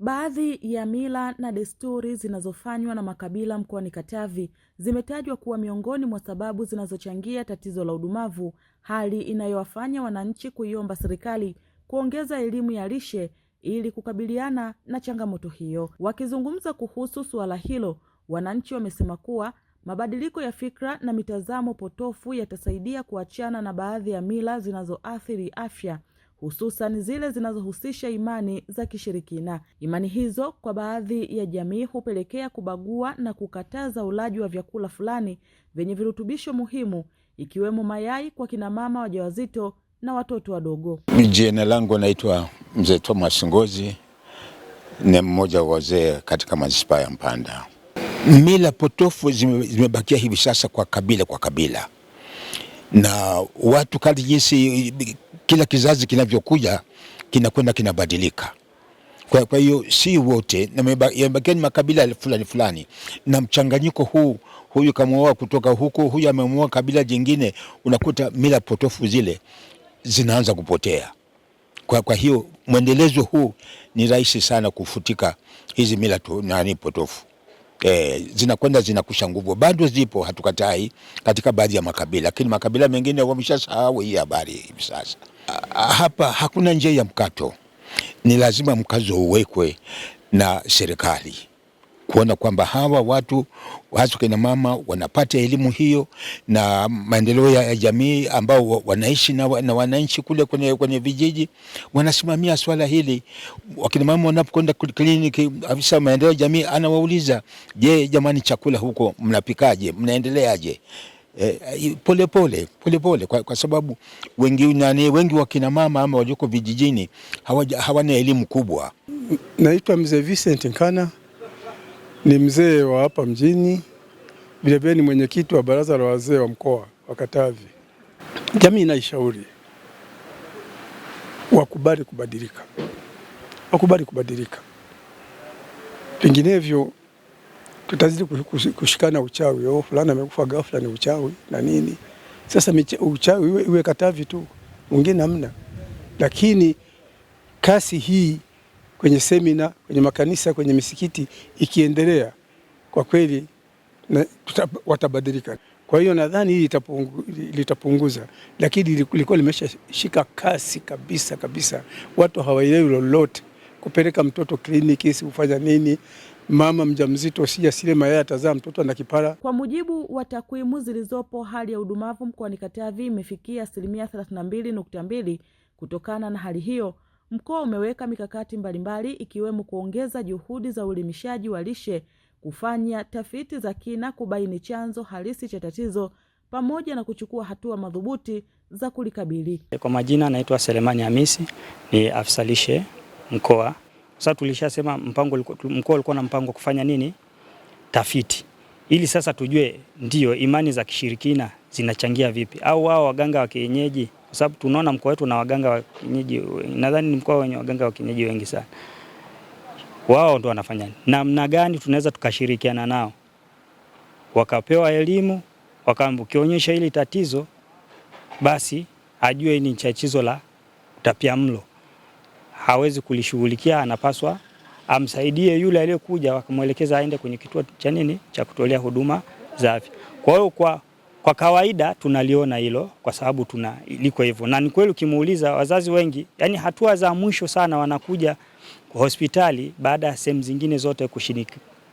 Baadhi ya mila na desturi zinazofanywa na makabila mkoani Katavi zimetajwa kuwa miongoni mwa sababu zinazochangia tatizo la udumavu, hali inayowafanya wananchi kuiomba serikali kuongeza elimu ya lishe ili kukabiliana na changamoto hiyo. Wakizungumza kuhusu suala hilo, wananchi wamesema kuwa mabadiliko ya fikra na mitazamo potofu yatasaidia kuachana na baadhi ya mila zinazoathiri afya hususan zile zinazohusisha imani za kishirikina. Imani hizo kwa baadhi ya jamii hupelekea kubagua na kukataza ulaji wa vyakula fulani vyenye virutubisho muhimu ikiwemo mayai kwa kinamama wajawazito na watoto wadogo. Jina langu naitwa Mzee Thomas Ngozi, ni mmoja wa wazee katika manispaa ya Mpanda. Mila potofu zimebakia hivi sasa kwa kabila kwa kabila, na watu kadri jinsi kila kizazi kinavyokuja kinakwenda kinabadilika. Kwa hiyo si wote yamebakia ni makabila fulani fulani, na mchanganyiko huu, huyu kamwoa kutoka huku, huyu amemwoa kabila jingine, unakuta mila potofu zile zinaanza kupotea. Kwa, kwa hiyo mwendelezo huu ni rahisi sana kufutika hizi mila tu, nani potofu e, zinakwenda zinakusha nguvu. Bado zipo, hatukatai katika baadhi ya makabila, lakini makabila mengine wameshasahau hii habari hivi sasa hapa hakuna njia ya mkato, ni lazima mkazo uwekwe na serikali kuona kwamba hawa watu hasa kina mama wanapata elimu hiyo na maendeleo ya jamii ambao wanaishi na, na wananchi kule kwenye, kwenye vijiji wanasimamia swala hili. Wakina mama wanapokwenda kliniki, afisa maendeleo ya jamii anawauliza, je, jamani, chakula huko mnapikaje? Mnaendeleaje? polepole eh, polepole eh, pole, kwa, kwa sababu wengi nani, wengi kina mama ama walioko vijijini hawana elimu kubwa. Naitwa mzee Vincent Nkana, ni mzee wa hapa mjini, vilevile ni mwenyekiti wa baraza la wazee wa mkoa wa Katavi. Jamii inaishauri wakubali kubadilika, wakubali kubadilika, vinginevyo tutazidi kushikana uchawi. Oh, fulani amekufa ghafla ni uchawi na nini. Sasa uchawi iwe, iwe Katavi tu, mwingine hamna, lakini kasi hii kwenye semina, kwenye makanisa, kwenye misikiti ikiendelea, kwa kweli watabadilika. Kwa hiyo nadhani hii litapunguza, lakini lilikuwa limeshashika kasi kabisa kabisa, watu hawaelewi lolote, kupeleka mtoto kliniki si kufanya nini mama mjamzito sijasile mayeye atazaa mtoto ana kipara. Kwa mujibu wa takwimu zilizopo, hali ya udumavu mkoani Katavi imefikia asilimia 322 Kutokana na hali hiyo, mkoa umeweka mikakati mbalimbali ikiwemo kuongeza juhudi za uelimishaji wa lishe, kufanya tafiti za kina kubaini chanzo halisi cha tatizo pamoja na kuchukua hatua madhubuti za kulikabili. Kwa majina, naitwa Selemani Hamisi, ni afisa lishe mkoa. Sasa tulishasema mpango, mkoa ulikuwa na mpango kufanya nini, tafiti, ili sasa tujue ndio imani za kishirikina zinachangia vipi, au wao waganga wa kienyeji, kwa sababu tunaona mkoa wetu na waganga wa kienyeji. Nadhani ni mkoa wenye waganga wa kienyeji wengi sana. Wao ndo wanafanya namna gani, tunaweza tukashirikiana nao, wakapewa elimu, wakaambu kionyesha hili tatizo, basi ajue ni chachizo la utapiamlo hawezi kulishughulikia, anapaswa amsaidie yule aliyekuja, akamwelekeza aende kwenye kituo cha nini cha kutolea huduma za afya. Kwa hiyo kwa, kwa kawaida tunaliona hilo kwa sababu tuna liko hivyo, na ni kweli ukimuuliza wazazi wengi, yani hatua za mwisho sana wanakuja kwa hospitali baada ya sehemu zingine zote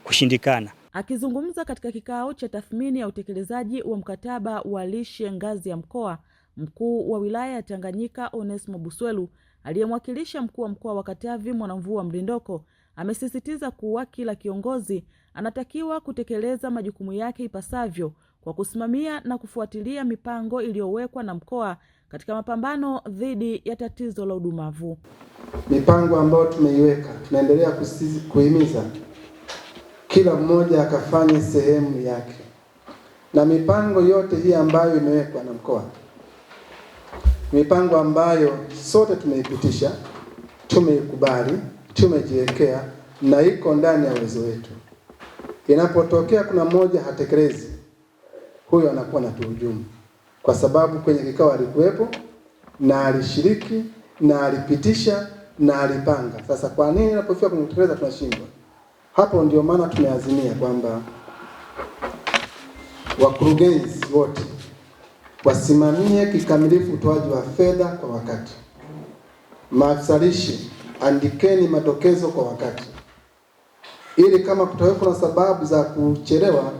kushindikana. Akizungumza katika kikao cha tathmini ya utekelezaji wa mkataba wa lishe ngazi ya mkoa, mkuu wa wilaya ya Tanganyika Onesmo Buswelu Aliyemwakilisha mkuu wa mkoa wa Katavi Mwanamvua mrindoko amesisitiza kuwa kila kiongozi anatakiwa kutekeleza majukumu yake ipasavyo kwa kusimamia na kufuatilia mipango iliyowekwa na mkoa katika mapambano dhidi ya tatizo la udumavu. Mipango ambayo tumeiweka, tunaendelea kuhimiza kila mmoja akafanye sehemu yake, na mipango yote hii ambayo imewekwa na mkoa mipango ambayo sote tumeipitisha, tumeikubali, tumejiwekea na iko ndani ya uwezo wetu. Inapotokea kuna mmoja hatekelezi, huyo anakuwa na tuhujumu, kwa sababu kwenye kikao alikuwepo na alishiriki na alipitisha na alipanga. Sasa kwa nini inapofika kwenye kutekeleza tunashindwa? Hapo ndio maana tumeazimia kwamba wakurugenzi wote wasimamie kikamilifu utoaji wa fedha kwa wakati. Maafisalishi, andikeni madokezo kwa wakati, ili kama kutawekwa na sababu za kuchelewa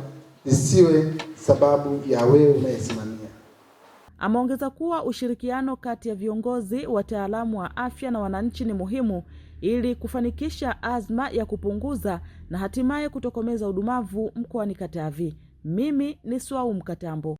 zisiwe sababu ya wewe unayesimamia. Ameongeza kuwa ushirikiano kati ya viongozi, wataalamu wa afya na wananchi ni muhimu ili kufanikisha azma ya kupunguza na hatimaye kutokomeza udumavu mkoani Katavi. Mimi ni Swau Mkatambo.